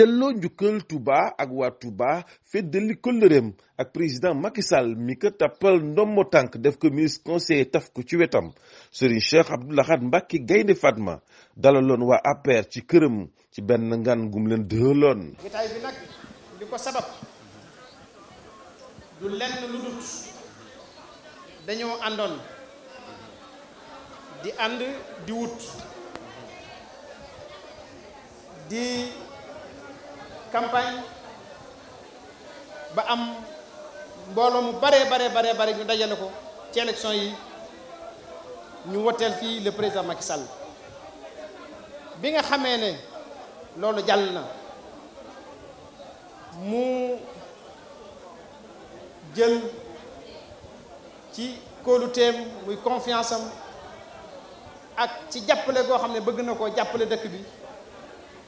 delloo njukkal Touba ak waa Touba feddali këllëreem ak président Macky Sall mi ko tappal ndombo tànk def ko ministre conseiller taf ko ci wetam Serigne Cheikh Abdou Lahad Mbacké Gaynde Fatma dalaloon waa APR ci këram ci benn ngan gum leen dëloon jotaay bi nag li ko sabab du lenn lu dut dañoo àndoon di ànd di wut di campagne ba am mbooloo mu bare bare bare bare ñu dajale ko ci élection yi ñu wotel fi le président Macky Sall bi nga xamé né lolu jall na mu jël ci kóoluteem muy confiance am ak ci jàppale go xamné ne bëgg na koo jàppale dëkk bi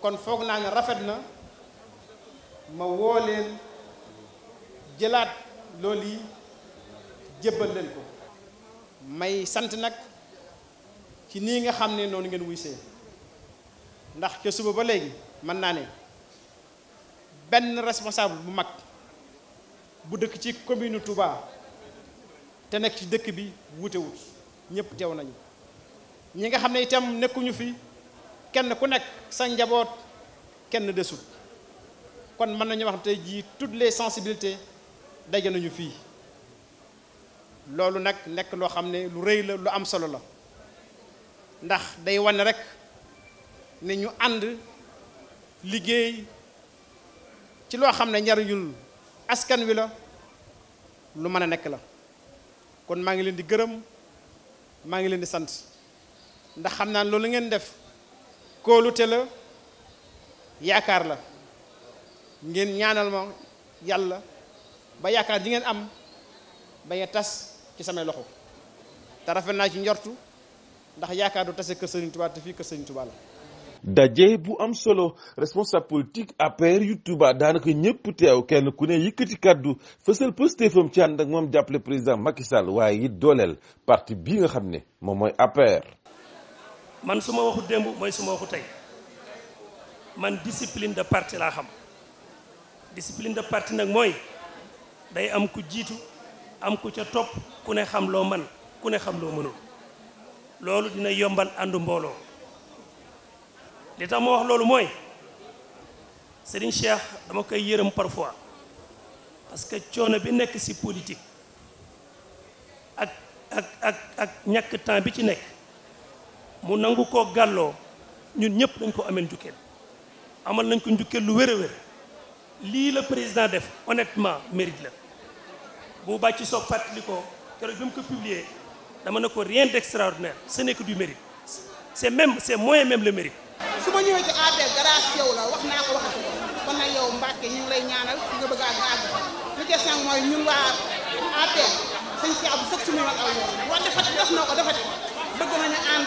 kon foog naa ne rafet na ma woo leen jëlaat loolu yi jébbal leen ko may sant nag ci nii nga xam ne noonu ngeen wuysee ndax ca suba ba léegi mën naa ne benn responsable bu mag bu dëkk ci commune Touba te nekk ci dëkk bi wuute wut ñëpp teew nañu ñi nga xam ne itam nekkuñu fi. kenn ku nek sa njabot kenn desul kon man nañu wax tay ji toutes les sensibilités dajé nañu lo loolu nak nek lo xamné ne lu reuy la lu am solo la ndax day wone rek ne ñu and liggéey ci lo xamné ñaruñul askan wi la lu mëna nek la kon ma ngi leen di gërëm ma ngi leen di sante ndax xamna naa ngeen def kóolute la yaakaar la ngeen ñaanal ma yàlla ba yaakaar ji ngeen am ba a tas ci samay loxo te rafet naa ci njortu ndax yaakaar du tase kër Serigne Touba te fii kër Serigne Touba la. daje bu am solo responsable politique APR yu Touba daanaka ñëpp teew kenn ku ne yëkkati kàddu fësal pëstéefam ci ànd ak moom jàppale président Macky waaye it dooleel parti bii nga xam ne moom mooy APR. man su ma waxu démb mooy suma ma waxu tey man disipline de partie laa xam disipline de parti nag mooy day am ku jiitu am ku ca topp ku ne xam loo man ku ne xam loo mënul loolu dina yombal ànd mbooloo li tax moo wax loolu mooy Serigne Cheikh dama koy yërëm parfois parce que coono bi nekk si politique ak ak ak ak ñàkk temps bi ci nekk mu nangu ko gàlloo ñun ñëpp dañ ko amel njukkeel amal nañ ko njukkeel lu wér a lii la président def honnêtement mérite la bu bàcci soog fàttali ko keroog ko publier dama ne ko rien d'extraordinaire ce n'est mérite c'est même se moyen même le mérite su ma ñëwee ci APR grâce yow la wax naa ko waxati kon nag yow Mbacke ñu lay ñaanal fi nga bëgg a àgg li des nag mooy ñun waa APR sañ si ab sëg suñu wan aw yoon wante fati des noo ko defati bëgg nañu ànd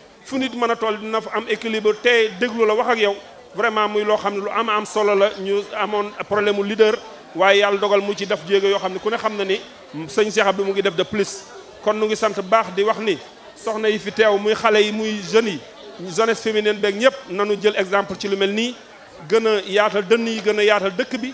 fu nit mën a toll dina fa am équilibre te déglu la wax ak yow vraiment muy loo xam ne lu am am solo la ñu amoon problème mu leader waaye yàlla dogal mu ci def jéego yoo xam ne ku ne xam na ni sëñ Cheikh Abdou mu ngi def de plus kon nu ngi sant baax di wax ni soxna yi fi teew muy xale yi muy jeunes yi jeunesse féminine beeg ñëpp nanu jël exemple ci lu mel nii gën a yaatal dënn yi gën a yaatal dëkk bi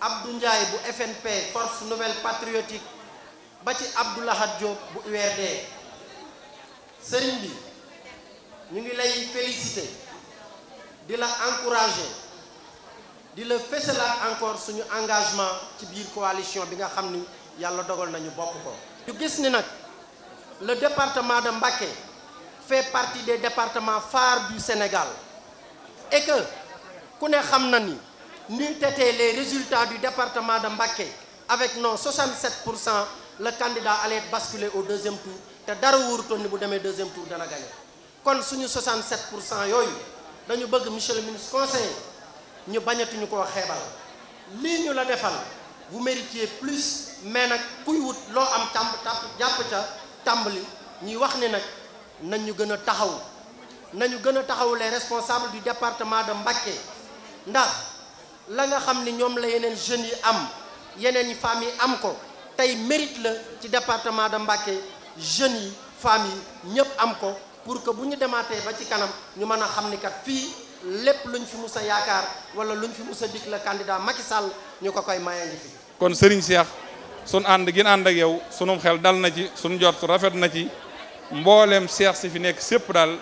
Abdou Ndiaye bu FNP force nouvelle patriotique ba ci Abdou Lahad Diop bu URD sëriñ bi ñu ngi lay féliciter di la encourager di la encore suñu engagement ci biir coalition bi nga xamni Yalla dogal nañu bokk ko. ñu gis ni le département de Mbacké fait partie des départements phares du Sénégal et que ku ne xam na ni n'eût été les résultats du département de Mbaké avec non 67 le candidat allait basculer au deuxième tour te dara pas ni bu démé deuxième tour dana gagné kon suñu 67 yoy dañu bëgg monsieur le ministre conseiller ñu bañatu ñuko xébal li ñu la défal. vous méritiez plus mais nak kuy wut lo am tamb tap japp ca tambali ñi wax ni nak nañu gëna taxaw nañu gëna taxaw les responsables du département de Mbaké. ndax la nga xam ni ñoom la yeneen jeunes yi am yeneen femmes yi am ko tey mérite la ci département de Mbacké jeunes yi femmes yi ñëpp am ko pour que bu ñu demaatee ba ci kanam ñu mën a xam ni kat fii lépp luñ fi mus a yaakaar wala luñ fi mus a dig la candidat Macky Sall ñu ko koy maye ngi fi. kon Serigne Cheikh sun ànd gin ànd ak yow sunum xel dal na ci sunu jot rafet na ci mboolem Cheikh si fi nekk sépp daal.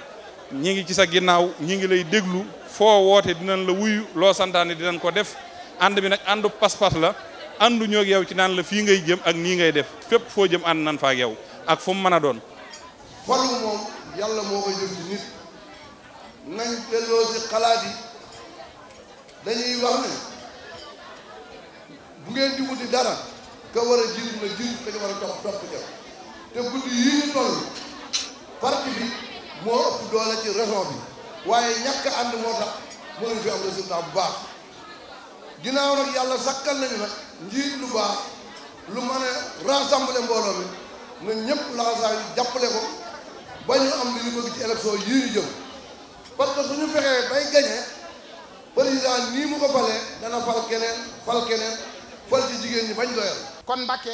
ñi ngi ci sa ginnaaw ñi ngi lay déglu foo woote dinañ la wuyu loo santaane dinañ ko def ànd bi nag àndu pas la àndu ñoo yow ci naan la fii ngay jëm ak nii ngay def fépp foo jëm ànd nan fa ak yow ak fu mu mën a doon falu moom yàlla moo koy def nit nañ delloo si xalaat dañuy wax ne bu ngeen dara ka war a jiitu na jiitu te nga yii ñu toll parti bi moo ëpp doole ci région bi waaye ñàkk ànd moo tax mënuñ fi am résultat bu baax ginnaaw nag yàlla sakkal nañu nag njiit lu baax lu mën a rassembler mbooloo mi na ñëpp laxasaa yi jàppale ko ba ñu am li ñu bëgg ci élection yii ñu jëm parce que suñu fexee bay gañee président nii mu ko falee dana fal keneen fal keneen fal ci jigéen ñi bañ doyal kon Mbàkke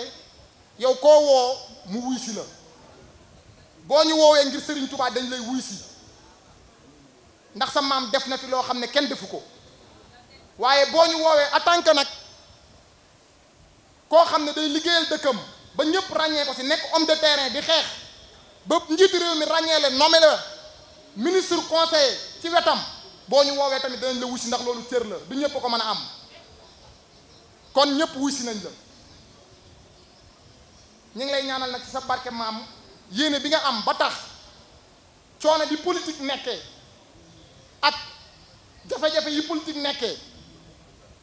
yow koo woo mu wuy si la boo ñu woowee ngir Serigne Touba dañ lay wuy si ndax sa maam def na fi loo xam ne kenn defu ko waaye boo ñu woowee en tant que nag koo xam ne day liggéeyal dëkkam ba ñëpp ràññee ko si nekk homme de terrain di xeex ba njiitu réew mi ràññee leen nommé la ministre conseiller ci wetam boo ñu woowee tamit danañ la wuy si ndax loolu cër la du ñëpp ko mën a am kon ñëpp wuy si nañ la ñu ngi lay ñaanal nag ci sa barke maam. yéene bi nga am ba tax coono bi politique nekkee ak jafe-jafe yi politique nekkee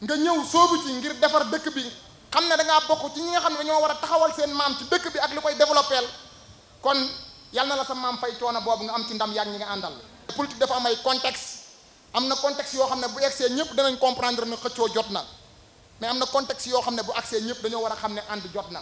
nga ñëw soobu ci ngir defar dëkk bi xam ne da ngaa bokk ci ñi nga xam ne dañoo war a taxawal seen maam ci dëkk bi ak li koy développeel kon yal na la sa maam fay coono boobu nga am ci ndam yàgg ñi nga àndal. politique dafa am ay contexte am na contexte yoo xam ne bu egsee ñëpp danañ comprendre ne xëccoo jot na mais am na contexte yoo xam ne bu agsee ñëpp dañoo war a xam ne ànd jot na.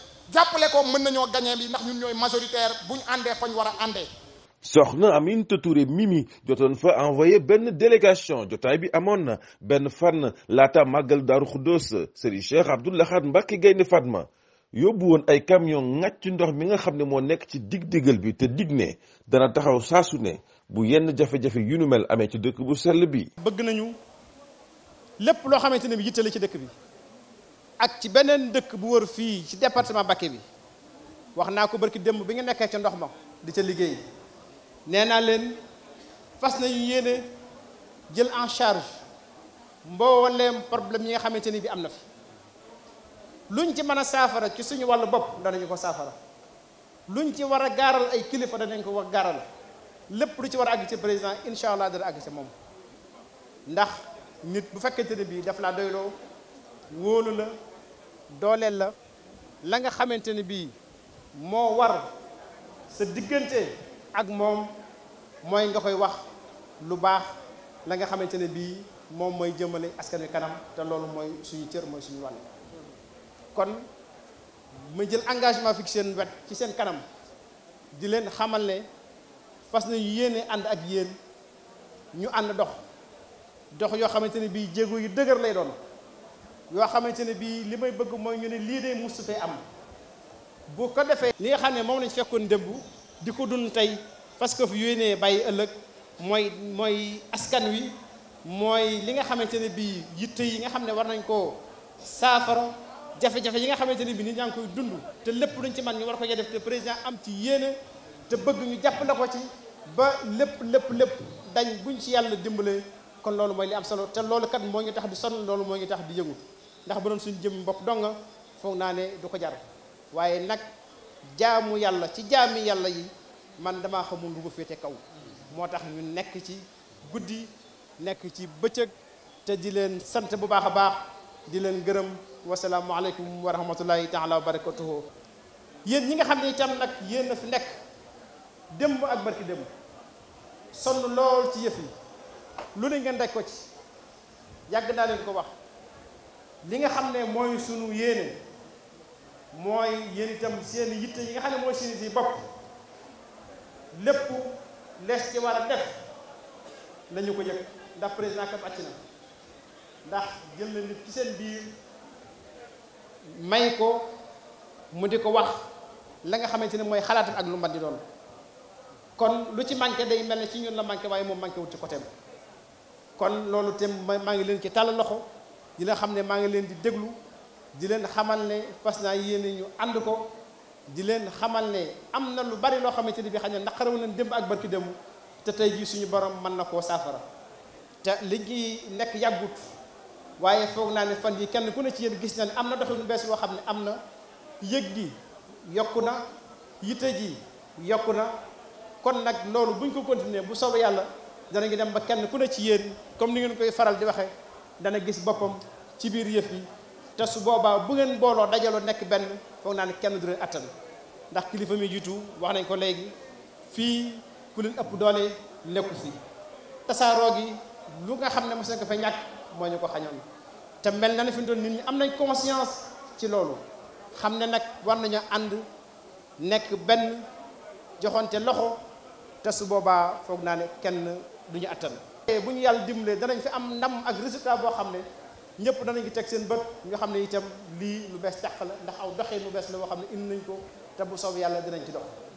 jappelé ko mën nañu gañee bi ndax ñun ñoy majoritaire buñ andé fañ wara andé soxna Aminata Touré Mimi jotoon fa envoyé ben délégation jotay bi amone ben benn fan laata màggal Daaru Xuddoos Serigne Cheikh Abdou Lahad Mbacké Gaynde Fatma yobbu won ay camion ngatch ndox mi nga xamné mo moo nekk ci dig-digal bi te digné ne dana taxaw saasu ne bu yenn jafé jafé yu ñu mel amé ci dëkk bu sel bi. bëgg nañu lépp lo xamante ne bi yittale ci dëkk bi. ak ci beneen dëkk bu wër fii ci département Mbacké bi wax naa ko barki démb bi nga nekkee ca ndox ma di ca liggéey nee naa leen fas nañu yéene jël en charge mbooleem problème yi nga xamante ni bi am na fi luñ ci mën a saafara ci suñu wàllu bopp danañu ko saafara luñ ci war a gaaral ay kilifa danañ ko war gaaral lépp lu ci war a àgg ci président incha allah dana àgg ci moom ndax nit bu fekkente ne bii daf laa doyloo wóolu la dooleel la la nga xamante ni bii moo war sa diggante ak moom mooy nga koy wax lu baax la nga xamante ne bii moom mooy jëmale askan wi kanam te loolu mooy suñu cër mooy suñu wàll kon ma jël engagement fi seen wet ci seen kanam di leen xamal ne fas na yéene ànd ak yéen ñu ànd dox dox yoo xamante ne bii jéego yi dëgër lay doon yoo xamante ne bii li may bëgg mooy ñu ne lii day musu fee am bu ko defee li nga xam ne moom lañ fekkoon démb di ko dund tey parce que fu yéenee bàyyi ëllëg mooy mooy askan wi mooy li nga xamante ne bii yitte yi nga xam ne war nañ koo saafara jafe-jafe yi nga xamante ne bii nit ñaa ngi koy dund te lépp luñ ci man ñu war ko def te président am ci yéene te bëgg ñu jàpp na ko ci ba lépp lépp lépp dañ buñ ci yàlla dimbale kon loolu mooy li am solo te loolu kat moo tax di sonn loolu moo ngi tax di yëngu ndax bu doon suñu jëm bopp dong foog naa ne du ko jar waaye nag jaamu yàlla ci jaami yàlla yi man damaa xamul lu ko féete kaw moo tax ñu nekk ci guddi nekk ci bëccëg te di leen sant bu baax a baax di leen gërëm wasalaamualeykum wa rahmatullahi taala wa barakatuhu yéen ñi nga xam ne itam nag yéen a fi nekk démb ak barki démb sonn lool ci yëf yi lu ne ngeen daj ko ci yàgg naa leen ko wax li nga xam ne mooy sunu yéene mooy yéen itam seen yitte yi nga xam ne mooy seen si bopp lépp lees ci war def nañu ko yëg ndax président kat àcc na ndax jël na nit ci seen mu di ko wax la nga xamante ne mooy xalaatam ak lu mban di doon kon lu ci manqué day mel ne ci ñun la manqué waaye moom manqué wut ci côté kon loolu tam maa ngi leen ci tàll loxo yi nga xam ne maa ngi leen di déglu di len xamal ne fasna yene ñu ànd ko di len xamal ne amna lu bari lo xamante ni bi xagne ne naqaraw leen démb ak barki dem te tay ji suñu borom man nako safara te li gi nek yagut waye foog na ne fan yi kenn ku ne ci yéen gis na ne am na bes bees xamne amna yëg gi yokuna yite ji yokuna kon nak lolu buñ ko continuer bu soobee yàlla dara ngi dem ba kenn ku ne ci yéen comme ni ngeen koy faral di waxe dana gis boppam ci biir yëf yi te su boobaa bu ngeen booloo dajaloo nekk benn foog naa ne kenn du leen attan ndax kilifa mi jiitu wax nañ ko léegi fii ku leen ëpp doole nekku fi tasaaroo gi lu nga xam ne mos nañ ko fa ñàkk moo ñu ko xañoon te mel na ne fi doon nit ñi am nañ conscience ci loolu xam ne nag war nañoo ànd nekk benn joxante loxo te su boobaa foog naa ne kenn du ñu attan bu ñu yàlla dimbalee danañ fi am ndam ak résultat boo xam ne ñëpp danañ ci teg seen bët nga xam ne itam lii lu bees tàq la ndax aw doxee lu bees la boo xam ne indi nañ ko te bu soob yàlla dinañ ci dox